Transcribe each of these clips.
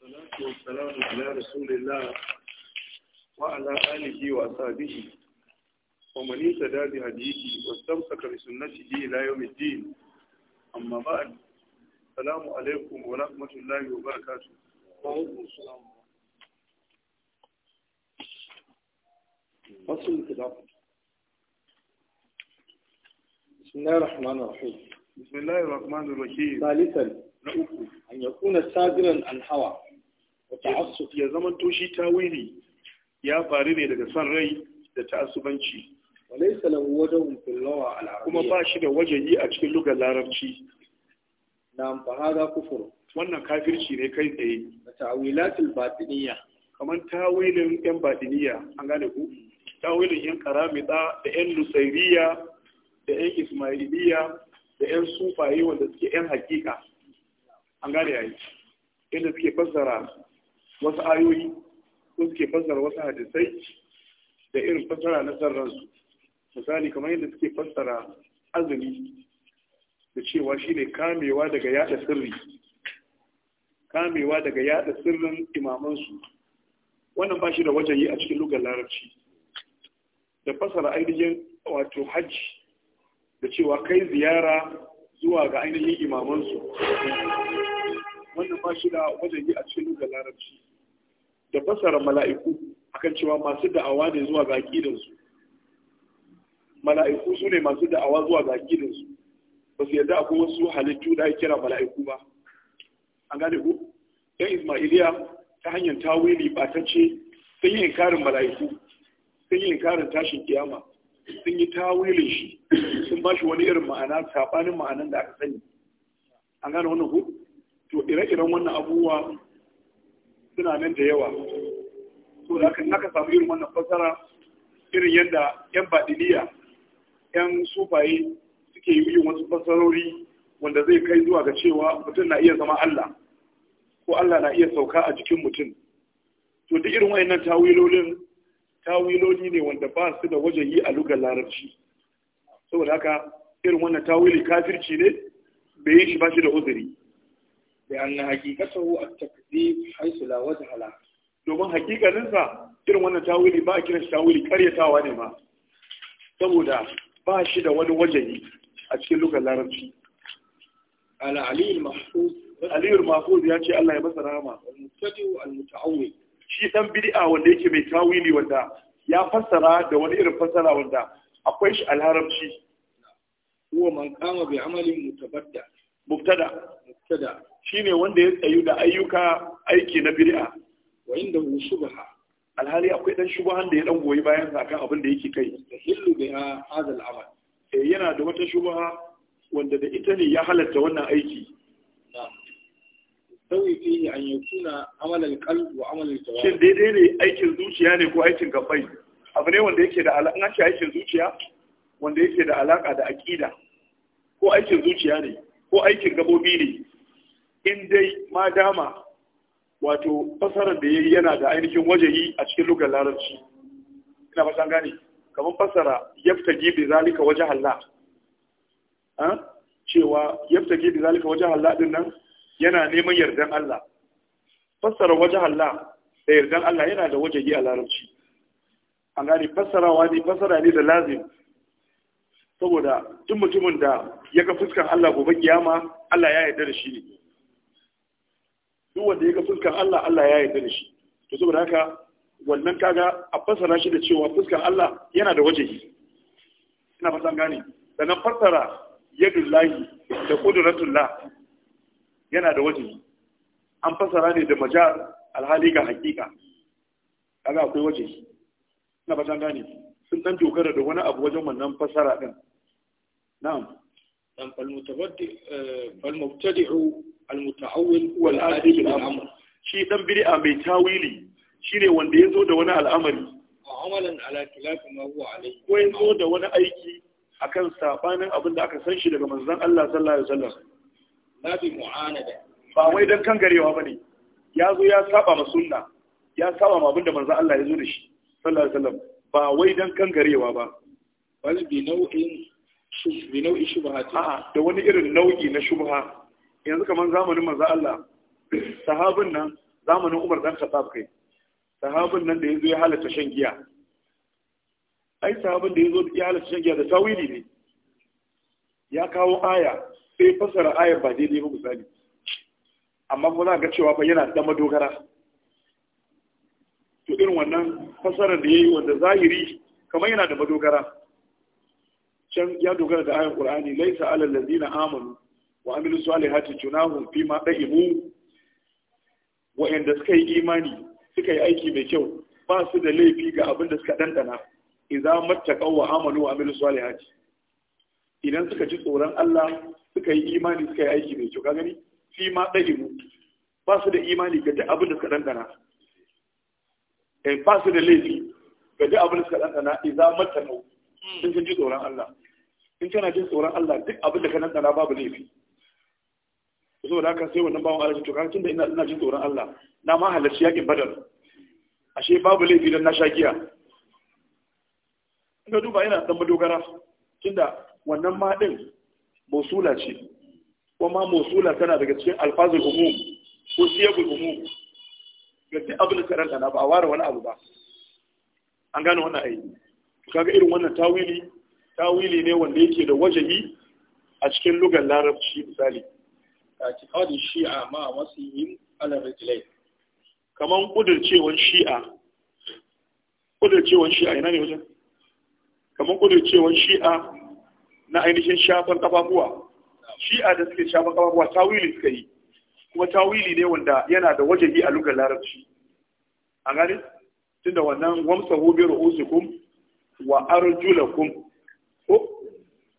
salatu wa salamu ala rasulillah wa ala alihi wa sahbihi wa man yatada bi hadithi wa istamsaka bi sunnatihi ila yawm al-din amma ba'd salamu alaykum wa rahmatullahi wa barakatuh wa alaykum salam fasl kitab bismillahir rahmanir rahim bismillahir rahmanir rahim salisan na uku an yakuna sadiran al-hawa ya zama shi tawili ya faru ne daga san rai da ta'assubanci walaysa lahu wajhun fil lugha al kuma ba shi da yi a cikin lugar larabci nam fa hada kufur wannan kafirci ne kai tsaye tawilatul batiniya kaman tawilin yan batiniya an gane ku tawilin yan karamida da yan lusairiya da yan ismailiya da yan sufaye wanda suke yan hakika an gane yayi inda suke fassara wasu ayoyi ko suke fassara wasu hadisai da irin fassara na su misali kamar yadda suke fassara azumi da cewa shi ne kamewa daga yada sirri kamewa daga yada sirrin imamansu wannan ba shi da wajen yi a cikin lugar larabci da fassara ainihin wato hajji da cewa kai ziyara zuwa ga ainihin imamansu wannan ba shi da wajen yi a cikin lugar larabci da fassara mala'iku akan cewa masu da'awa ne zuwa ga su. mala'iku su ne masu da'awa zuwa ga su. ba su yadda akwai wasu halittu da kira mala'iku ba an gane ku yan ismailiya ta hanyar tawili ba ta ce sun yi inkarin mala'iku sun yi inkarin tashin kiyama sun yi tawilin shi sun ba shi wani irin ma'ana saɓanin ma'anan da aka sani an gane wannan ku to ire-iren wannan abubuwa suna nan da yawa so da aka naka samu irin wannan fasara irin yadda yan badiliya yan sufaye suke yi wasu fasarori wanda zai kai zuwa ga cewa mutum na iya zama Allah ko Allah na iya sauka a jikin mutum to duk irin wayannan tawilolin tawiloli ne wanda ba su da wajen yi a lugar larabci saboda haka irin wannan tawili kafirci ne bai yi shi ba shi da uzuri da an hakikatahu at-takfir takzib haisu la hala domin hakikaninsa irin wannan tawili ba a kiran shi tawili karyatawa ne ma saboda ba shi da wani wajeni a cikin lugar larabci ala aliyul mahfuz ya ce Allah ya masa rahama al-mutadi'u al-muta'awwil shi dan bid'a wanda yake mai tawili wanda ya fassara da wani irin fassara wanda akwai shi al-harabci huwa man qama bi amalin mutabadda mubtada mubtada shine wanda ya tsayu da ayyuka aiki na bid'a wa inda shubha alhali akwai dan shubhan da ya dan goyi bayan sa kan abin da yake kai tahillu biha hadha al-amal eh yana da wata shubha wanda da ita ne ya halatta wannan aiki sauyi fihi an yakuna amal al-qalb wa amal al-jawab shin daidai ne aikin zuciya ne ko aikin gabbai abu ne wanda yake da alaƙa ce aikin zuciya wanda yake da alaka da aqida ko aikin zuciya ne ko aikin gabobi ne in dai ma dama wato fasarar da yayi yana da ainihin yi a cikin lugar larabci ina ba san gane kamar fasara yaftagi bi zalika waje Allah ah, cewa yaftagi bi zalika waje Allah din nan yana neman yardan Allah fassara waje Allah da yardan Allah yana da yi a larabci an gani fassarawa ne fassara ne da lazim saboda duk mutumin da ya ga fuskan Allah gobe kiyama Allah ya yarda da shi ne duk wanda ya ga fuskar Allah Allah ya yarda da shi to saboda haka wannan kaga a fassara shi da cewa fuskar Allah yana da wajehi ina fatan gane dan fassara yadullahi da qudratullah yana da wajehi an fassara ne da majal alhali ga hakika kaga akwai wajehi ina fatan gane sun dan dogara da wani abu wajen wannan fassara din na'am dan falmutawaddi eh, falmubtadi'u al-muta'awwil huwa al أمي shi dan bid'a mai tawili shine wanda yazo da wani al'amari amalan ala khilafi da wani aiki akan sabanin abin da aka san shi daga manzon Allah sallallahu ba wai dan yazo ya saba ma sunna ya saba ma abinda da Allah ya zo da shi sallallahu ba wai dan kan garewa ba bal bi nau'in bi nau'i shubha da wani irin nau'i na shubha yanzu kamar zamanin manzo Allah sahabin nan zamanin Umar dan Khattab kai sahabin nan da yazo ya halatta shan giya ai sahabin da yazo ya halatta shan giya da tawili ne ya kawo aya sai fasara ayar ba daidai ba misali amma kuma za ga cewa fa yana da madogara to irin wannan fasarar da yayi wanda zahiri kamar yana da madogara can ya dogara da ayan Qur'ani laisa alal ladina amanu wa amilu salihati junahum fi ma da'imu wa'anda suka yi imani suka yi aiki mai kyau ba su da laifi ga abin da suka dandana idza mattaqaw wa amanu wa amilu salihati idan suka ji tsoron Allah suka yi imani suka yi aiki mai kyau ka gani fi ma da'imu ba su da imani ga duk abin da suka dandana eh ba su da laifi ga duk abin da suka dandana idza mattaqaw sun ji tsoron Allah in kana jin tsoron Allah duk abin da ka dandana babu laifi to saboda haka sai wannan bawon Allah to kan tunda ina ina jin tsoron Allah na ma halarci yakin Badar ashe babu laifi dan na shakiya giya ina duba ina dan madogara tunda wannan ma din mausula ce kuma mausula tana daga cikin alfazul umum ko siyabul umum ga duk abin karanta na ba wara wani abu ba an gane wannan aiki kaga irin wannan tawili tawili ne wanda yake da wajahi a cikin lugar larabci misali katikadin shi'a ma masu yin alarijilai kamar ƙudircewar shi'a Ƙudircewar shi'a yana ne wajen kamar ƙudircewar shi'a na ainihin shafan ƙafafuwa shi'a da suke shafan ƙafafuwa tawili suka yi kuma tawili ne wanda yana da yi a lugar larabci a gani da wannan wamsahu bi kum wa Ko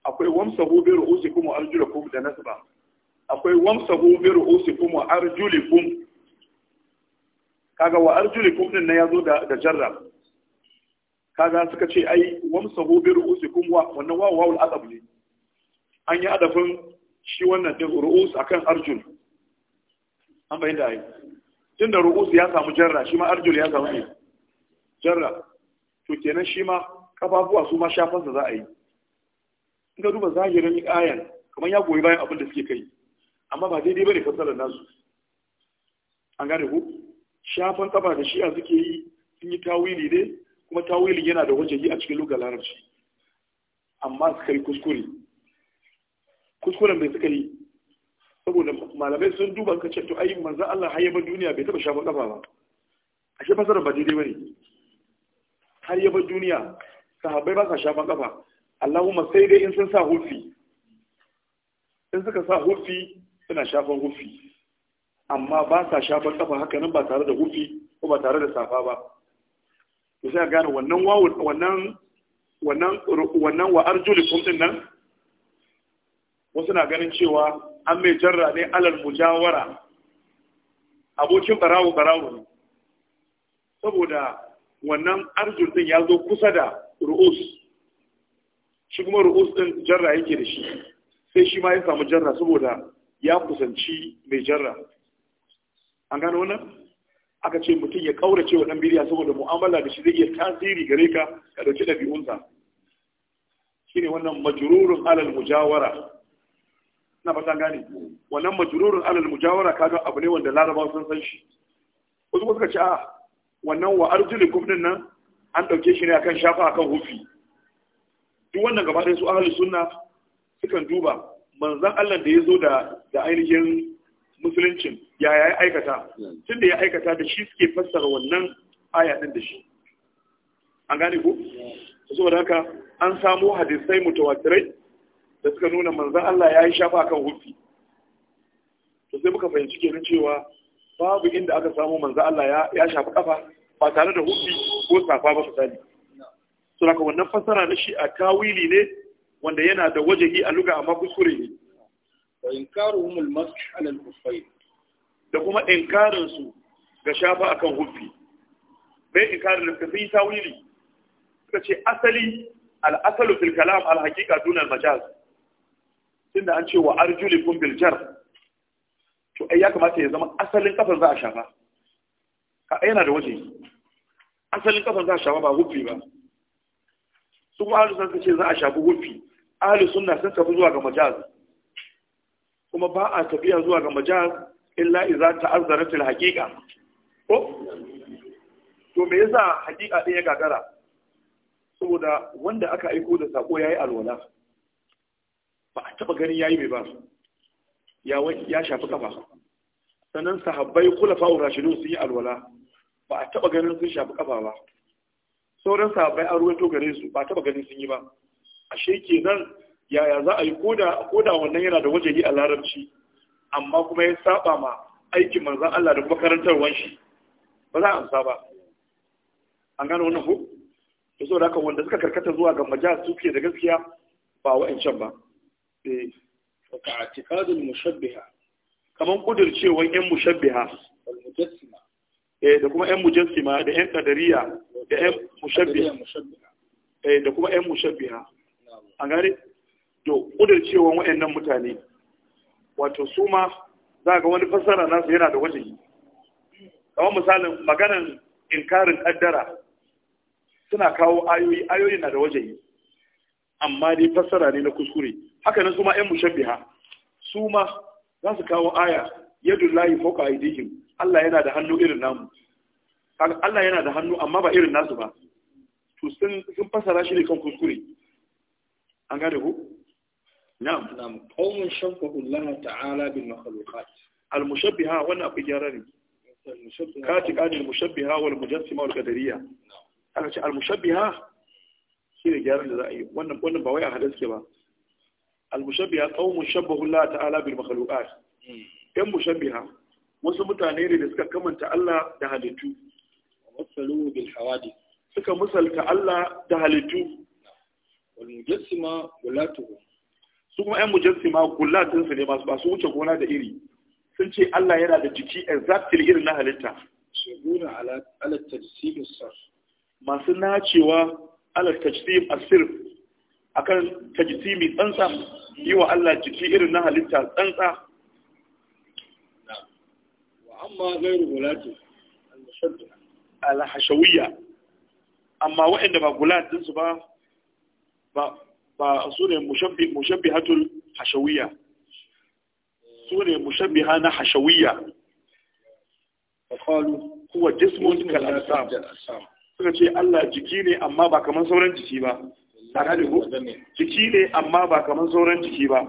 akwai wamsahu bi kum wa kum da nasba akwai wamsahu bi ru'usikum wa arjulikum kaga wa arjulikum din ya zo da jarra kaga suka ce ai wamsahu bi ru'usikum wa wannan wa wawul adab ne an yi adafin shi wannan din ru'us akan arjul an da ai da ru'us ya samu jarra shi ma arjul ya samu ne jarra to kenan shi ma kafafuwa su ma shafansa za a yi in ka duba zahirin ayan kamar ya goyi bayan abin da suke kai amma ba daidai ba ne fassarar nasu an gane ku shafan kafa da shi'a suke yi sun yi tawili ne kuma tawilin yana da wajen yi a cikin lokacin larabci amma suka yi kuskure kuskuren bai suka yi saboda malamai sun duba ka ce to ai manzo Allah har yaban duniya bai taba shafan kafa ba A shi fasarar ba daidai bane har yaban duniya sahabbai ba sa shafan kafa Allahumma sai dai in sun sa hufi in suka sa hufi suna shafan hufi amma ba sa shafan kafa haka nan ba tare da hufi ko ba tare da safa ba to sai gane wannan wawul wannan wannan wannan wa kun din nan wasu na ganin cewa an mai jarra ne alal mujawara abokin barawo barawo saboda wannan arjul din ya zo kusa da ru'us shi kuma ru'us din jarra yake da shi sai shi ma ya samu jarra saboda ya kusanci mai jarra an gano wannan aka ce mutum ya kaurace wa dan biriya saboda mu'amala da shi zai iya tasiri gare ka ka dauki dabi'unsa shine wannan majrurun alal mujawara na fata gane wannan majrurun alal mujawara kaga abu ne wanda larabawa sun san shi wasu kuma suka ce a wannan wa arzikin kufnin nan an dauke shi ne akan shafa akan hufi duk wannan gaba ɗaya su ahlus sunna sukan duba manzan Allah da ya zo da ainihin musuluncin ya yi aikata tun da ya aikata da shi suke fassara wannan aya ɗin da shi an gane ku saboda haka an samo hadisai mutawatirai da suka nuna manzan Allah ya yi shafa kan hufi to sai muka fahimci kenan cewa babu inda aka samu manzan Allah ya shafa kafa ba tare da hufi ko safa ba su misali saboda wannan fassara na shi a tawili ne wanda yana da wajahi a luga amma kuskure ne wa inkaruhum al-masx ala al-khuffayn da kuma inkarin su ga shafa akan huffi bai inkarin da sai tawili suka ce asali al-asalu fil kalam al-haqiqa duna al-majaz tunda an ce wa arjulikum bil jar to ai ya kamata ya zama asalin kafar za a shafa ka yana da waje asalin kafar za a shafa ba huffi ba su kuma sun ce za a shafi huffi ahli sunna sun tafi zuwa ga majaz kuma ba a tafiya zuwa ga majaz illa idza ta'azzarat al-haqiqa ko to me yasa haqiqa din ya gagara saboda wanda aka aiko da sako yayi alwala ba a taba ganin yayi mai ba ya ya shafi kafa sannan sahabbai khulafa'ur rashidun sun yi alwala ba a taba ganin sun shafi kafa ba sauran sahabbai an ruwaito gare su ba a taba ganin sun yi ba ashe kenan yaya za a yi koda wannan yana da yi a larabci amma kuma ya saba ma aikin manzan Allah da kuma shi ba za a amsa ba an gano wannan ko da so da wanda suka karkata zuwa ga majaz suke da gaskiya ba wa'ancan ba eh ka atikadul mushabbiha kaman kudircewan yan mushabbiha wal mujassima eh da kuma yan mujassima da yan qadariya da yan mushabbiha eh da kuma yan mushabbiha A gane to cewa wa'annan mutane wato su ma za ga wani fassara nasu yana da wajen kamar misalin maganan inkarin kaddara suna kawo ayoyi ayoyi na da wajen amma dai fassara ne na kuskure haka nan su ma yan mushabbiha su ma za su kawo aya yadu lahi fawqa aydihim Allah yana da hannu irin namu Allah yana da hannu amma ba irin nasu ba to sun sun fassara shi ne kan kuskure an gane ku na'am na'am qawmun shabbahu Allah ta'ala bil makhluqat al mushabbiha wannan akwai gyara ne kati qadil mushabbiha wal mujassima wal qadariya aka ce al mushabbiha shi ne gyaran da za a yi wannan wannan ba wai a hada suke ba al mushabbiha qawmun shabbahu Allah ta'ala bil makhluqat hmm. yan mushabbiha wasu mutane ne da suka kamanta Allah da halittu wasalu bil hawadith suka musalta Allah da halittu wal mujassima gulatuhu su kuma ƴan mujassima gulatin su ne masu ba su wuce gona da iri sun ce Allah yana da jiki exactly irin na halitta shuguna ala ala tajsim sar masu nacewa ala tajsim asir akan tajsimi tsantsa yi wa Allah jiki irin na halitta tsantsa wa amma ghairu gulatuhu al-mushaddida al-hashawiyya amma waɗanda ba gulatin su ba ba su ne hatul hashawiyya su ne mushabbi na hashawiyya Kuwa huwa jismun kalasam suka ce Allah jiki ne amma ba kaman sauran jiki ba a gane ku jiki ne amma ba kaman sauran jiki ba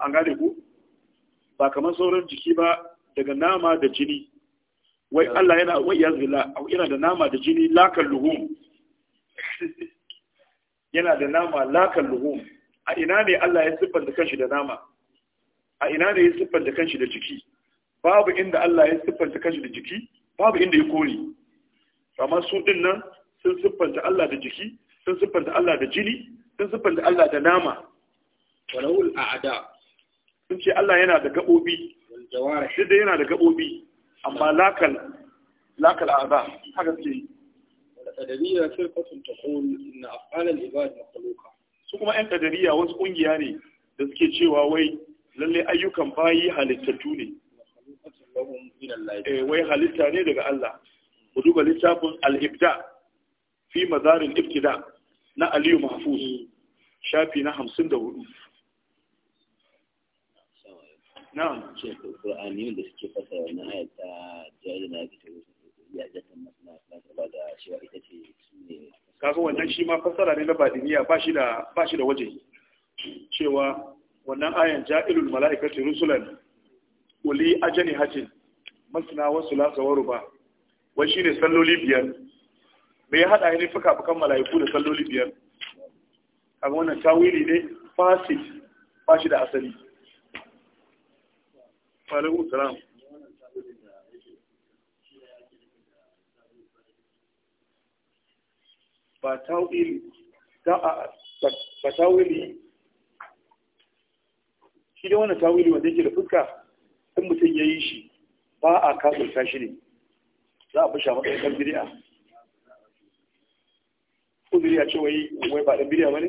an gane ku ba kaman sauran jiki ba daga nama da jini wai Allah yana wai yazila yana da nama da jini lakan luhum yana da nama lakan luhum a ina ne Allah ya siffanta kanshi da nama a ina ne ya siffanta kanshi da jiki babu inda Allah ya siffanta kanshi da jiki babu inda ya kore amma su din nan sun siffanta Allah da jiki sun siffanta Allah da jini sun siffanta Allah da nama walahul a'da sun ce Allah yana da gabobi shi da yana da gabobi amma lakal lakal a'da haka sai القدرية فرقة تقول إن أفعال العباد makaloka su kuma 'yan kadariya wasu ƙungiya ne da suke cewa wai lalle ayyukan bayi halittattu ne eh, wai halitta ne daga Allah ku duba littafin al-ibda fi mazarin ibtida na Aliyu Mahfuz shafi na 54 na'am ce da suke fasa wannan ayata kaga wannan shi ma fassara ne na badiniya ba shi da ba shi da waje cewa wannan ayan ja'ilul mala'ikati rusulan wali ajani hajin masna wa sulasa wa ruba wai ne salloli biyar me ya hada ne fuka-fukan mala'iku da salloli biyar kaga wannan tawili ne fasid ba shi da asali Wa alaikum ba tawili shi da wani tawili wanda yake da fuska in mutum ya yi shi ba a kafurta shi ne za a fusha maka ɗan biri'a ko biri'a ce wai wai ba ɗan biriya ba ne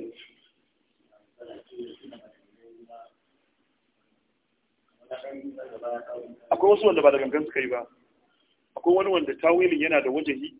akwai wasu wanda ba da gangan suka yi ba akwai wani wanda tawilin yana da yi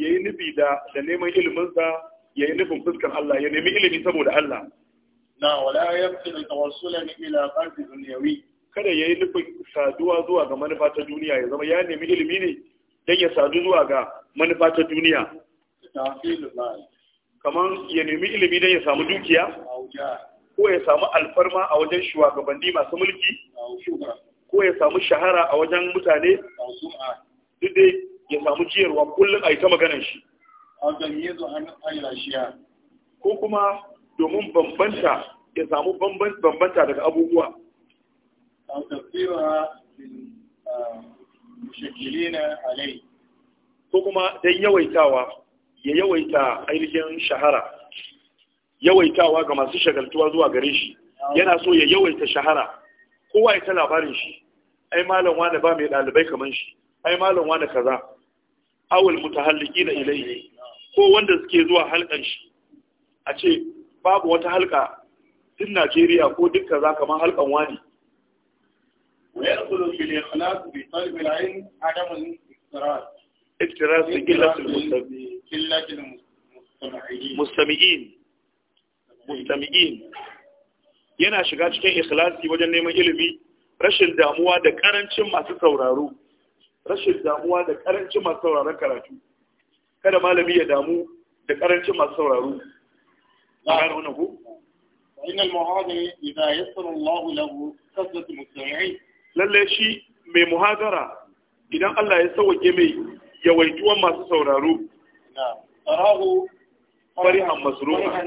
ya yi nufi da neman iliminsa ya yi nufin fuskar Allah ya nemi ilimi saboda Allah na wala da tawassulan ila qasd duniyawi. kada ya yi nufin saduwa zuwa ga manufa ta duniya ya zama ya nemi ilimi ne don ya sadu zuwa ga manufa ta duniya kamar ya nemi ilimi don ya samu dukiya ko ya samu alfarma a wajen shugabanni masu mulki ko ya samu shahara a wajen mutane duk dai ya samu ciyarwa kullum a yi ta maganar shi ko kuma domin bambanta ya samu bambanta daga abubuwa ko kuma don yawaitawa ya yawaita ainihin shahara yawaitawa ga masu shagaltuwa zuwa gare shi yana so ya yawaita shahara kowa ya ta labarin shi ai malam wani ba mai ɗalibai kamar shi ai malam wani kaza awul mutahalliki da ilai ko wanda suke zuwa halkan shi a ce babu wata halka duk Najeriya ko dukka za kamar halkan wani ويدخل في الإخلاص بطلب العلم عدم الاقتراض اقتراض قلة المستمعين مستمعين مستمعين yana shiga cikin ikhlasi wajen neman ilimi rashin damuwa da karancin masu sauraro rashin damuwa da karancin masu sauraron karatu kada malami ya damu da karancin masu sauraro gano wannan ku inna muhadari idan ya tsara Allah lahu kasratu mustami'in lalle shi mai muhadara idan Allah ya sauke mai yawaituwan masu sauraro na'am farihan masrura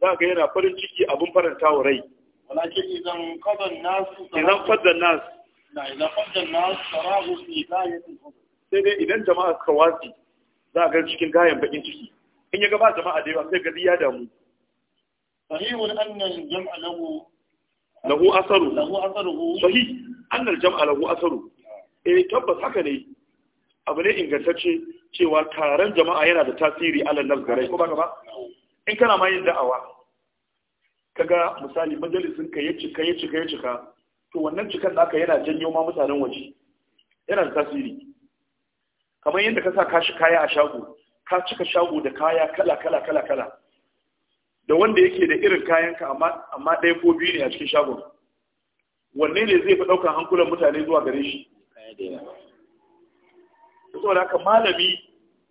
za ga yana farin ciki abin faranta wa rai walakin idan qadan nas idan qadan nas sai dai idan jama'a suka watsi za a gani cikin gayan bakin ciki in ya gaba jama'a da yawa sai gari ya damu sahihun annal jam'a lahu lahu asaru lahu asaru sahih annal jam'a lahu asaru eh tabbas haka ne abu ne ingantacce cewa taron jama'a yana da tasiri alal nazgarai ko ba ba in kana ma yin da'awa kaga misali majalisin ka yi cika yi cika yi cika to wannan cikan aka yana janyo ma mutanen waje yana da tasiri kamar yadda ka sa ka shi kaya a shago ka cika shago da kaya kala kala kala kala da wanda yake da irin kayanka amma amma ɗaya ko biyu ne a cikin shagon wanne ne zai fi ɗaukar hankulan mutane zuwa gare shi saboda haka malami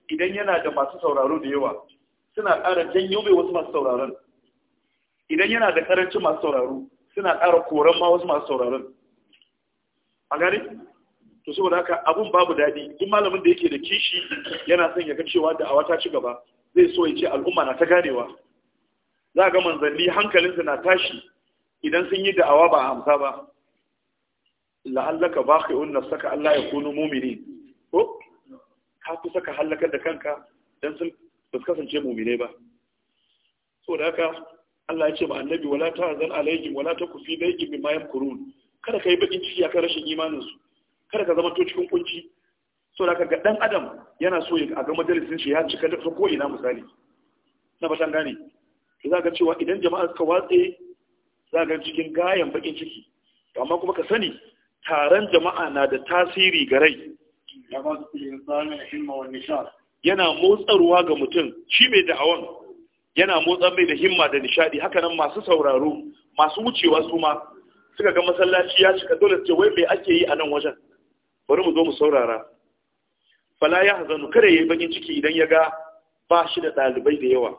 idan yana da masu sauraro da yawa suna ƙara janyo mai wasu masu sauraron idan yana da ƙarancin masu sauraro suna ƙara koran ma wasu masu sauraron a gani to saboda haka abun babu daɗi in malamin da yake da kishi yana son ya ga cewa da awa ta ci gaba zai so ya ce al'umma na ta ganewa za a ga manzanni hankalinsa na tashi idan sun yi da'awa ba a amsa ba la'allaka baqi'un saka, Allah ya kunu mu'mini ko ka fi saka hallakar da kanka dan sun kasance mu'mine ba saboda haka Allah ya ce ma annabi wala ta zan alaihim wala taku fi bi bima kur'un. kada kai bakin ciki akan rashin imanin su kada ka zama to cikin kunci saboda ka ga dan adam yana so ya ga majalisin shi ya cika da ko ina misali na batan gane to zaka cewa idan jama'a suka watse zaka cikin gayan bakin ciki amma kuma ka sani taron jama'a na da tasiri ga rai yana motsarwa ga mutum shi mai da'awan yana motsa mai da himma da nishadi hakanan masu sauraro masu wucewa su ma suka ga masallaci ya cika dole ce wai mai ake yi a nan wajen bari mu zo mu saurara fala ya hazanu kada yayi bakin ciki idan ya ga ba shi da dalibai da yawa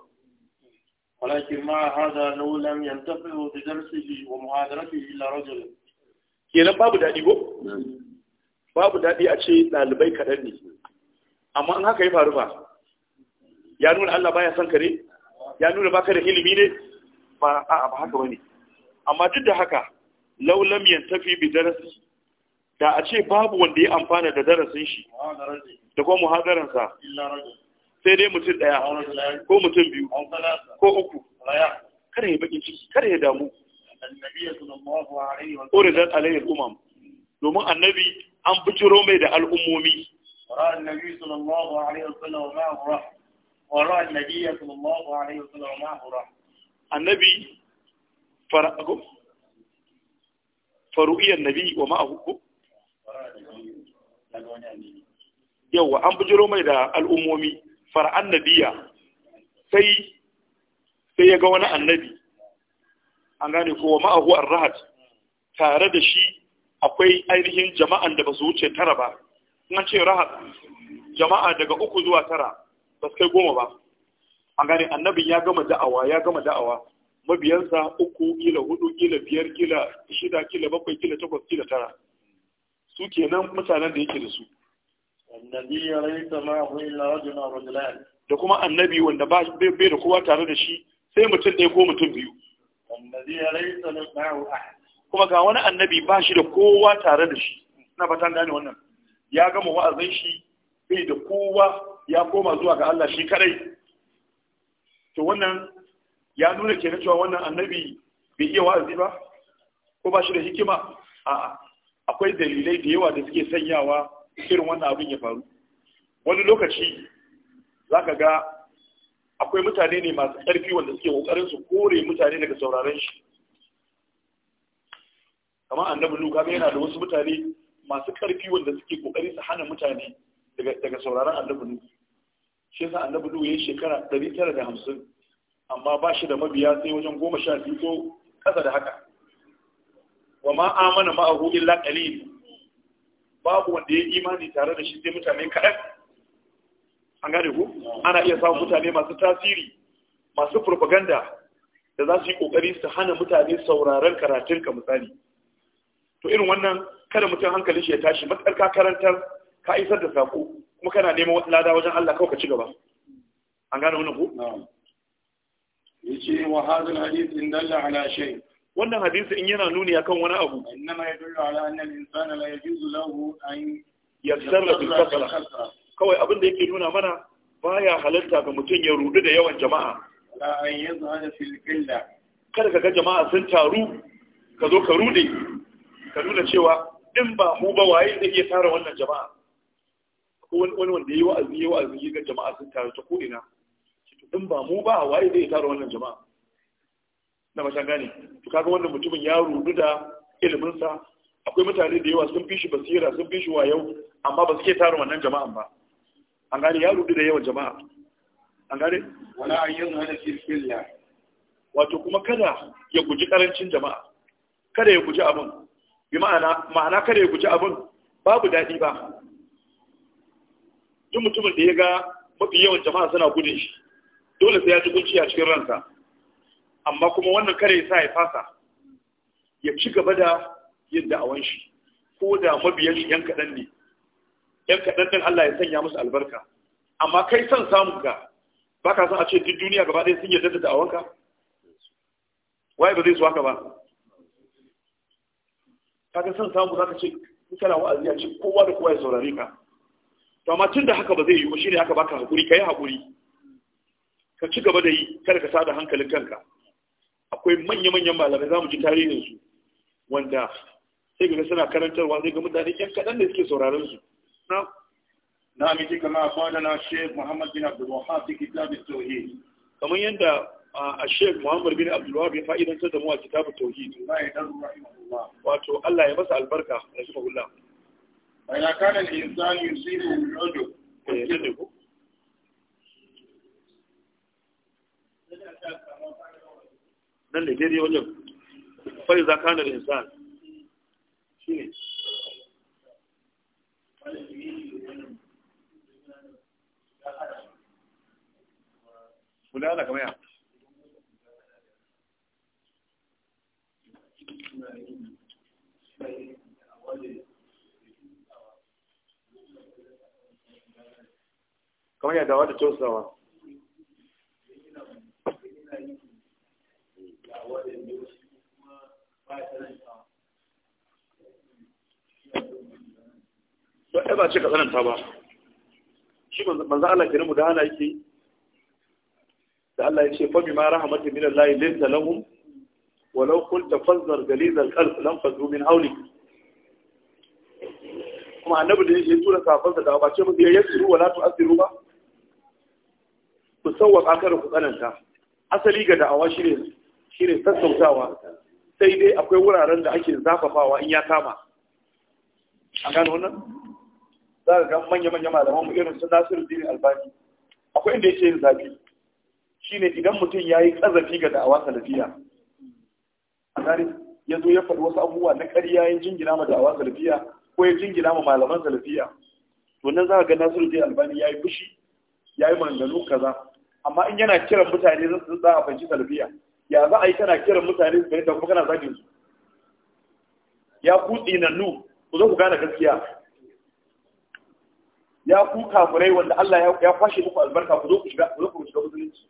walakin ma hada law lam yantafi bi darsihi wa muhadaratihi illa rajul kenan babu dadi ko hmm. babu dadi a ce dalibai kadan ne amma in haka ya faru ba ya nuna Allah baya son kare ya nuna baka da ilimi ne ba a ba haka bane amma duk da haka laulam yantafi bi darasi da a ce babu wanda ya amfana da darasin shi da kuma muhadaran sa sai dai mutum daya ko mutum biyu ko uku kada ya baki ciki kada ya damu uridat alayhi al-umam domin annabi an bijiro mai da al'ummomi wara annabi sallallahu alaihi wasallam ma hura wa ma'ahu ko yawa an bujiro mai da al'ummomi fara'an nabiya sai sai ya ga wani annabi an gane ko wa ma'ahu ar-rahat tare da shi akwai ainihin jama'an da ba su wuce tara ba an ce rahat jama'a daga uku zuwa tara ba su kai goma ba a gane Annabi ya gama da'awa ya gama da'awa mabiyansa uku kila hudu kila biyar kila shida kila bakwai kila takwas kila tara su kenan mutanen da yake da su annabi ya raisa ma illa rajulun rajulan da kuma annabi wanda ba bai da kowa tare da shi sai mutum ɗaya ko mutum biyu annabi ya raisa ma'ahu kuma ga wani annabi ba shi da kowa tare da shi ina fatan gane wannan ya gama wa'azin shi bai da kowa ya koma zuwa ga Allah shi kadai to wannan ya nuna kenan cewa wannan annabi bai iya wa'azi ba ko ba shi da hikima a'a akwai dalilai da yawa da suke sanyawa irin wannan abin ya faru wani lokaci zaka ga akwai mutane ne masu ƙarfi wanda suke ƙoƙarin su kore mutane daga sauraron shi kamar annabi Luka ga yana da wasu mutane masu ƙarfi wanda suke ƙoƙari su hana mutane daga sauraron annabi Luka shi yasa annabi nuhu yayi shekara 950 amma ba shi da mabiya sai wajen goma sha biyu ko kasa da haka wa ma amana ma'ahu illa qalil babu wanda ya imani tare da shi sai mutane kaɗan an gane ku ana iya samun mutane masu tasiri masu propaganda da za su yi kokari su hana mutane sauraron karatun ka misali to irin wannan kada mutum hankali shi ya tashi matsar ka karantar ka isar da sako kuma kana neman lada wajen Allah kawai ka ci gaba an gane wani ku yace wa hadal hadith in dalla ala shay wannan hadisi in yana nuni akan wani abu innama yadullu ala anna al-insana la yajuzu lahu an yasarra bil kasra kawai abin da yake nuna mana baya halitta ga mutum ya rudu da yawan jama'a la an yazhada fil qilla kada ka ga jama'a sun taru ka zo ka rude ka nuna cewa in ba mu ba waye zai iya tara wannan jama'a ko wani wanda ya yi wa'azi ya wa'azi ga jama'a sun taru ta ko'ina in ba mu ba waye zai tara wannan jama'a na mashan gane to kaga wannan mutumin ya rudu da iliminsa akwai mutane da yawa sun fi shi basira sun fi shi wayau amma ba su ke tara wannan jama'an ba an gane ya rudu da yawan jama'a an gane wala ayyun hada fi fillah wato kuma kada ya guji karancin jama'a kada ya guji abin bi ma'ana ma'ana kada ya guji abin babu dadi ba duk mutumin da ya ga mafi yawan jama'a suna gudun shi dole sai ya ji kunci a cikin ransa amma kuma wannan kare sa ya fasa ya ci gaba da yin da'awan shi ko da mabiyan shi yan kaɗan ne yan kaɗan ɗin Allah ya sanya musu albarka amma kai son samun ka ba ka son a ce duk duniya gaba ɗaya sun yarda da ka waye ba zai so haka ba ga son samu ka ce kana wa'azi a ce kowa da kowa ya saurare ka to amma tunda da haka ba zai yi ba shine aka baka hakuri kai hakuri ka ci gaba da yi kada ka sada hankalin kanka akwai manya-manyan malamai za mu ji tarihin su wanda sai ga suna karantarwa sai ga mutane yan kaɗan da suke sauraron su na na miji kama na Sheikh Muhammad bin Abdul Wahhab fi kitab at-tauhid kamar yanda a Sheikh Muhammad bin Abdul Wahhab ya fa'idantar da mu a kitab at-tauhid wato Allah ya masa albarka rahimahullah فإذا كان الإنسان يصيبه العجب والكذب nan kamar yadda dawa da ba ba ce ka tsananta ba shi manzan Allah kirimu da hana yake da Allah ya ce fami ma rahmatin min Allah linta lahum walau kunta fazzar galiz al-qalb lam fadhu min hawlik kuma annabi da ya tura safansa da ba ce mu ya yasiru wala asiru ba ku sauwaka kada ku tsananta asali ga da'awa shi ne sassautawa sai dai akwai wuraren da ake zafafawa in ya kama A gano wannan za ka ga manya manya da mamu irin su Nasiru Dini Albani akwai inda yake yin zafi shine idan mutum ya yi tsazafi ga da'awa salafiya a gari ya zo ya faɗi wasu abubuwa na ƙarya ya jingina ma da'awa salafiya ko ya jingina ma malaman salafiya to nan za ka ga Nasiru Dini Albani yi fushi ya yi manganu kaza amma in yana kiran mutane zan su tsaya a fahimci talbiya ya za a yi kana kiran mutane su fahimta kuma kana zagin su ya ku tsinannu ku zo ku gane gaskiya ya ku kafirai wanda Allah ya kwashe muku albarka ku zo ku shiga ku zo ku shiga musulunci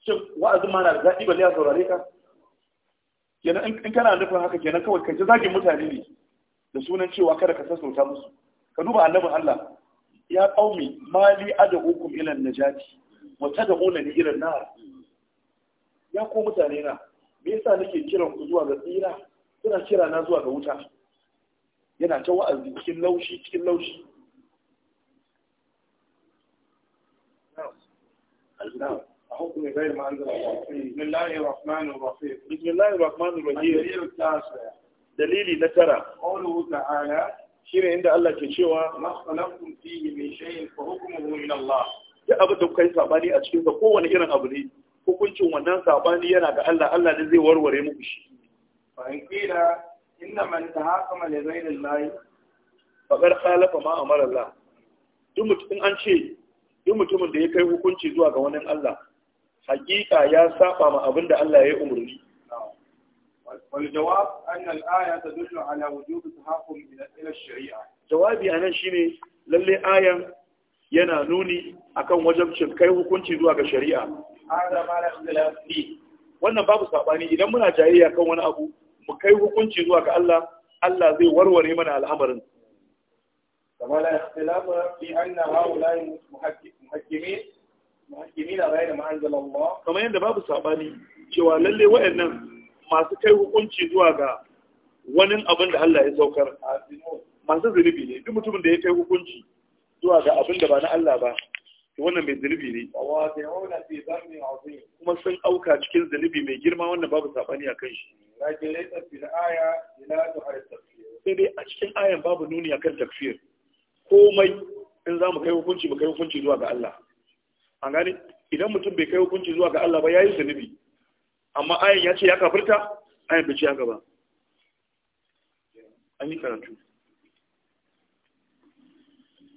shin wa'azin ma na da daɗi balle ya saurare ka kenan in kana nufin haka kenan kawai ka ji zagin mutane ne da sunan cewa kada ka sassauta musu ka duba annabin Allah ya qaumi mali hukum ila najati wata da hula ne irin na ya ko mutane na me yasa nake kiran ku zuwa ga tsira Kuna kira na zuwa ga wuta yana ta wa'azi cikin laushi cikin laushi بسم الله الرحمن الرحيم دليل نترى قوله تعالى شيء عند الله كشوا ما خلقكم فيه duk abin da kuka yi sabani a cikin sa kowane irin abu ne hukuncin wannan sabani yana ga Allah Allah ne zai warware muku shi fa in kila inna man tahakama li ghayri Allah faqad khalafa ma amara Allah duk mutum an ce duk mutumin da ya kai hukunci zuwa ga wani Allah hakika ya saba ma abin da Allah ya yi umarni والجواب أن الآية تدل على وجوب التحاكم إلى الشريعة جوابي أنا شيني للي آية yana nuni akan wajabcin kai hukunci zuwa ga shari'a wannan babu sabani idan muna jayayya kan wani abu mu kai hukunci zuwa ga Allah Allah zai warware mana al'amarin kamar ikhtilaf fi anna haula'i muhakkimin muhakkimin ghayr ma anzala Allah yanda babu sabani cewa lalle wayannan masu kai hukunci zuwa ga wani abin da Allah ya saukar masu zunubi ne duk mutumin da ya kai hukunci zuwa ga abin da ba na Allah ba to wannan mai zunubi ne kuma sun auka cikin zunubi mai girma wannan babu sabani a kan shi sai dai a cikin ayan babu nuni a kan takfir komai in za mu kai hukunci mu kai hukunci zuwa ga Allah an gani idan mutum bai kai hukunci zuwa ga Allah ba ya yi zunubi amma ayan ya ce ya kafirta ayan bai ci haka ba an yi karatu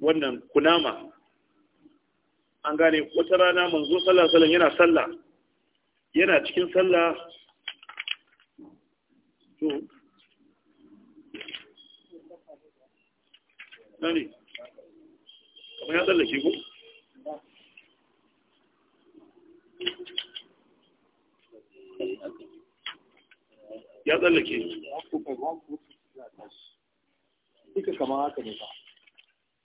wannan kunama an gane wata rana manzo sallah sallan yana sallah yana cikin sallah to nani kamar ya tsallake ku ya tsallake duka kama haka ne ba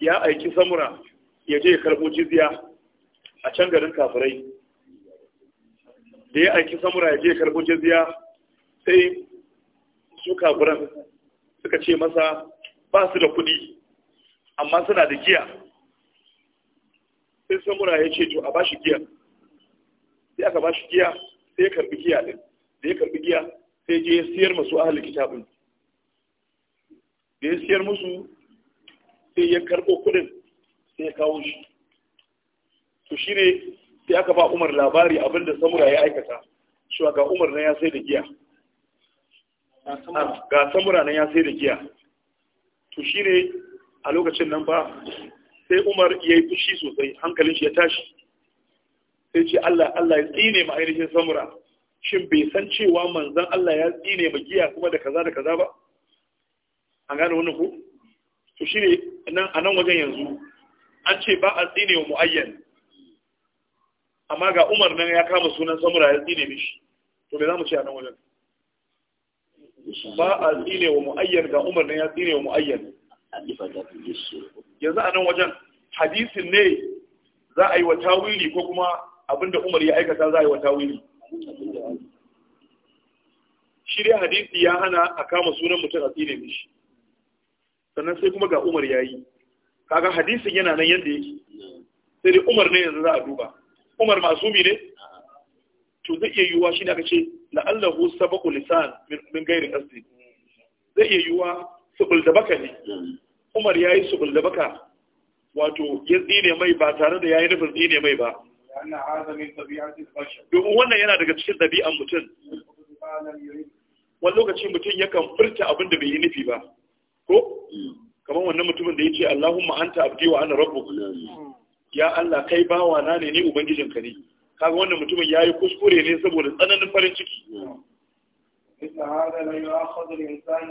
ya aiki samura ya je ya karɓo jizya a can garin kafirai da ya aiki samura ya je ya karɓo jizya sai su kafiran suka ce masa ba su da kuɗi amma suna da giya sai samura ya ce to a ba shi giya sai aka ba shi giya sai ya karɓi giya ɗin da ya karɓi giya sai je ya siyar masu ahalin kitabin da ya siyar musu sai ya karɓo kuɗin sai ya kawo shi to shi ne sai aka ba umar labari abinda samura ya aikata shi ga umar na ya sai da giya ga samura ah, na ya sai da giya to shi ne a lokacin nan ba sai umar ya yi fushi sosai hankalin shi ya tashi sai ce Allah Allah ya tsine ma ainihin samura shin bai san cewa manzan Allah ya tsine ma giya kuma da kaza da kaza ba an gane wannan ku to shi ne. a nan wajen yanzu an ce ba a tsine wa mu'ayyan amma ga umar nan ya kama sunan samura ya tsine mishi to me za mu ce a nan wajen ba a tsine wa mu'ayyan ga umar nan ya tsine wa mu'ayyan yanzu a nan wajen hadisin ne za a yi wa tawili ko kuma abinda umar ya aikata za a yi wa tawili Shirya hadisi ya hana a kama sunan mutum a tsine mishi sannan sai kuma ga umar ya yi kaga hadisin yana nan yadda yake sai dai umar ne yanzu za a duba umar masumi ne to zai iya yiwuwa shi ne aka ce la'allahu sabaku lisan min gairi qasdi zai iya yiwuwa subul da baka ne umar ya yi subul da baka wato ya tsine mai ba tare da ya yi nufin tsine mai ba domin wannan yana daga cikin ɗabi'an mutum wani lokaci mutum yakan furta abin da bai yi nufi ba ko mm. kamar wannan mutumin da ya ce Allahumma anta abdi wa ana rabbuk ya Allah kai bawa na ne ni ubangijin ka ne kaga wannan mutumin yayi kuskure ne saboda tsananin farin ciki mm.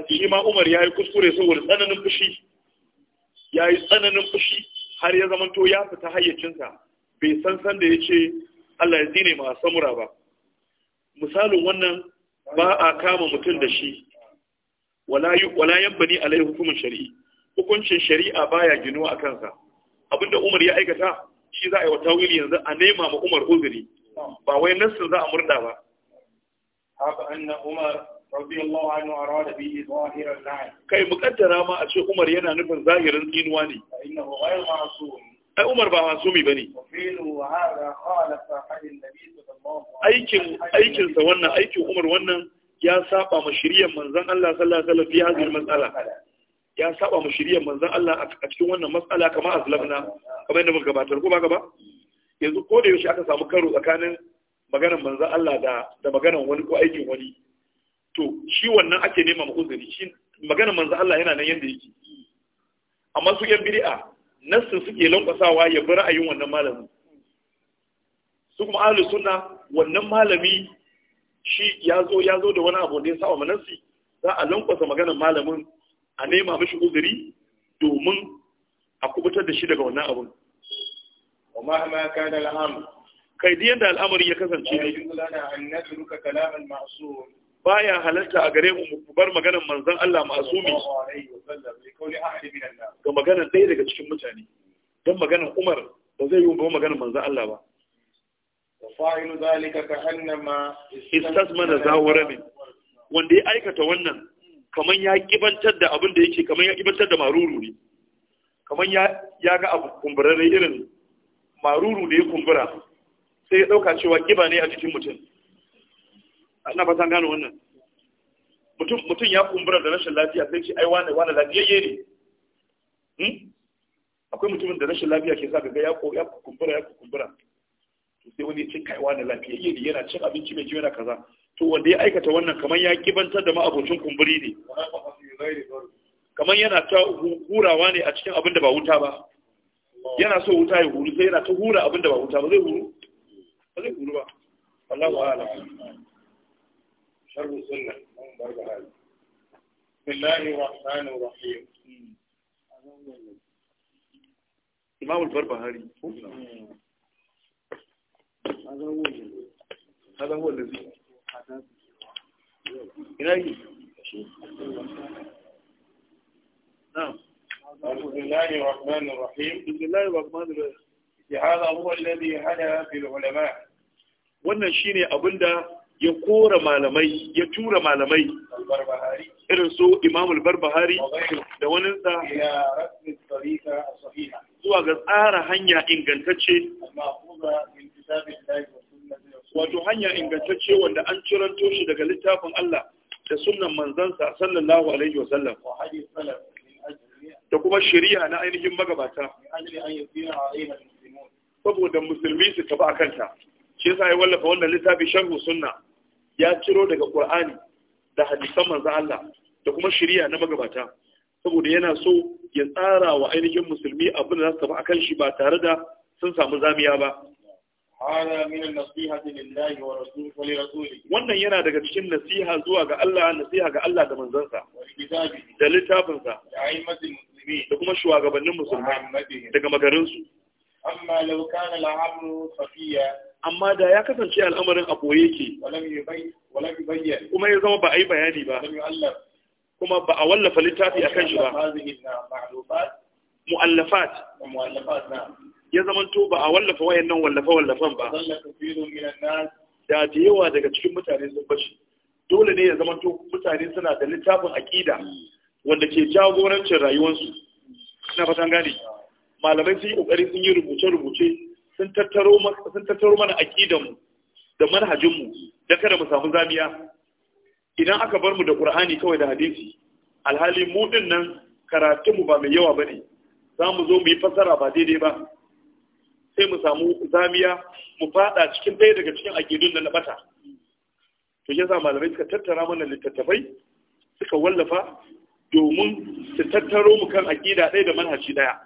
shi ma Umar yayi kuskure saboda tsananin fushi yayi tsananin fushi har ya zamanto ya fita hayyacinsa bai san san da yace Allah ya dine ma samura ba misalin wannan ba a kama mutum da shi wala yanbani alai hukumin shari'i hukuncin shari'a baya ginuwa a kansa abinda Umar ya aikata shi za a yi wa tawili yanzu a nema ma Umar uzuri ba wai nassin za a murda ba haka anna Umar radiyallahu anhu arada bi zahirin la'n kai mukaddara ma a ce Umar yana nufin zahirin tsinuwa ne innahu ghayr ma'sum ai Umar ba masumi bane aikin aikin sa wannan aikin Umar wannan ya saba ma shiriyar manzon Allah sallallahu alaihi wasallam fi hadin matsala. ya saba ma shiriyar manzon Allah a cikin wannan matsala kamar azlamna kamar yadda muka gabatar ko ba ba yanzu ko da yaushe aka samu karo tsakanin maganar manzon Allah da da maganar wani ko aikin wani to shi wannan ake nema ma uzuri shi maganar manzon Allah yana nan yanda yake amma su yan bid'a nassu suke lankwasawa ya bi ra'ayin wannan malamin su kuma ahlus sunna wannan malami shi ya zo ya zo da wani abu da ya sawa manasi za a lankwasa maganar malamin a nema mishi uzuri domin a kubutar da shi daga wannan abun wa ma ma da al'am kai da yanda al'amari ya kasance ne baya halatta a gare mu mu bar maganar manzon Allah ma'asumi ga maganar ɗaya daga cikin mutane don maganar Umar ba zai yi ba maganar manzon Allah ba fa'ilu zalika ka annama istazmana zawara wanda ya aikata wannan kaman ya kibantar da abin da yake kaman ya kibantar da maruru ne kaman ya ya ga abu kumburarre irin maruru da ya kumbura sai ya dauka cewa kiba ne a cikin mutum ba san gano wannan mutum mutum ya kumbura da rashin lafiya sai ce ai wani wani lafiyayye ne akwai mutumin da rashin lafiya ke sa ga ya kumbura ya kumbura sai wani cin kaiwa kai wani lafiyayye ne yana cin abinci mai kyau yana kaza to wanda ya aikata wannan kamar ya kibantar da ma'abocin kumburi ne kamar yana ta hurawa ne a cikin abin da ba wuta ba yana so wuta ya huru sai yana ta hura abin da ba wuta ba zai huru ba zai huru ba Allah wa ala sharru sunna mun bar hali rahmanir rahim barbahari hmm. هذا هو هذا هو الذي إليه نعم بسم الله الرحمن الرحيم بسم الله الرحمن الرحيم هذا هو الذي هدى في العلماء wannan shine abinda ya kora malamai ya tura malamai irin su imamul barbahari da waninsa ila rasmi tariqa sahiha zuwa ga tsara hanya ingantacce wato hanya ingantacce wanda an ciranto shi daga littafin Allah da sunan manzansa sallallahu alaihi wa sallam da kuma shari'a na ainihin magabata saboda musulmi su tafi a kanta shi yasa ya wallafa wannan littafin sharhu sunna ya ciro daga qur'ani da hadisan manzon Allah da kuma shari'a na magabata saboda yana so ya tsara wa ainihin musulmi abin da za su tafi akan shi ba tare da sun samu zamiya ba wannan yana daga cikin nasiha zuwa ga Allah nasiha ga Allah da manzansa da littafinsa da kuma shugabannin musulmi daga magarinsu amma amma da ya kasance al'amarin a boye ke kuma ya zama ba a yi bayani ba kuma ba a wallafa littafi a kan shi ba mu'allafat ya to ba a wallafa wayannan wallafa wallafan ba da da yawa daga cikin mutane sun bashi dole ne ya to mutane suna da littafin aƙida wanda ke jagorancin rayuwarsu na fatan gane malamai sun yi kokari sun yi rubuce-rubuce sun tattaro mana aƙidanmu da manhajinmu da kada mu samu zamiya idan aka bar mu da qur'ani kawai da hadisi alhali mu din nan karatun mu ba mai yawa bane za mu zo mu yi fasara ba daidai ba sai mu samu zamiya mu fada cikin ɗaya daga cikin aqidun da na bata to yasa malamai suka tattara mana littattafai suka wallafa domin su tattaro mu kan aqida ɗaya da manhaji ɗaya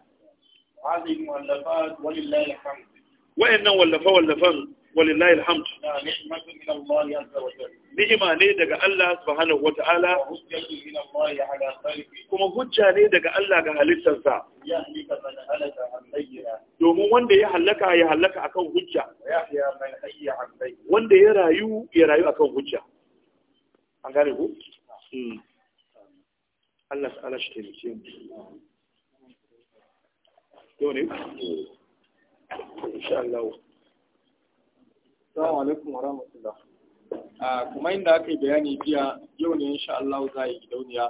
wa'annan wallafa wallafan walillahi alhamd ni'ima ne daga Allah subhanahu wata'ala kuma hujja ne daga Allah ga halittar sa domin wanda ya halaka ya halaka akan hujja wanda ya rayu ya rayu akan hujja an gane ku hmm. Allah ta'ala shi taimake mu yau ne insha Allah Assalamu alaikum wa rahmatullah. Ah, kuma inda aka yi bayani jiya yau ne insha Allah za yi gidauniya.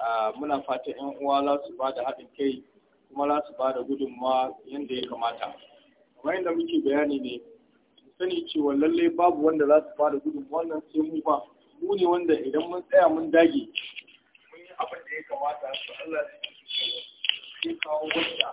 Ah, muna fata ‘yan uwa za su ba da haɗin kai kuma za su ba da gudunmawa yadda ya kamata. Kuma inda muke bayani ne, sani cewa lallai babu wanda za su ba da gudunmawa nan sai mu ba. Mu ne wanda idan mun tsaya mun dage, mun yi abin da ya kamata su Allah ya kawo wanda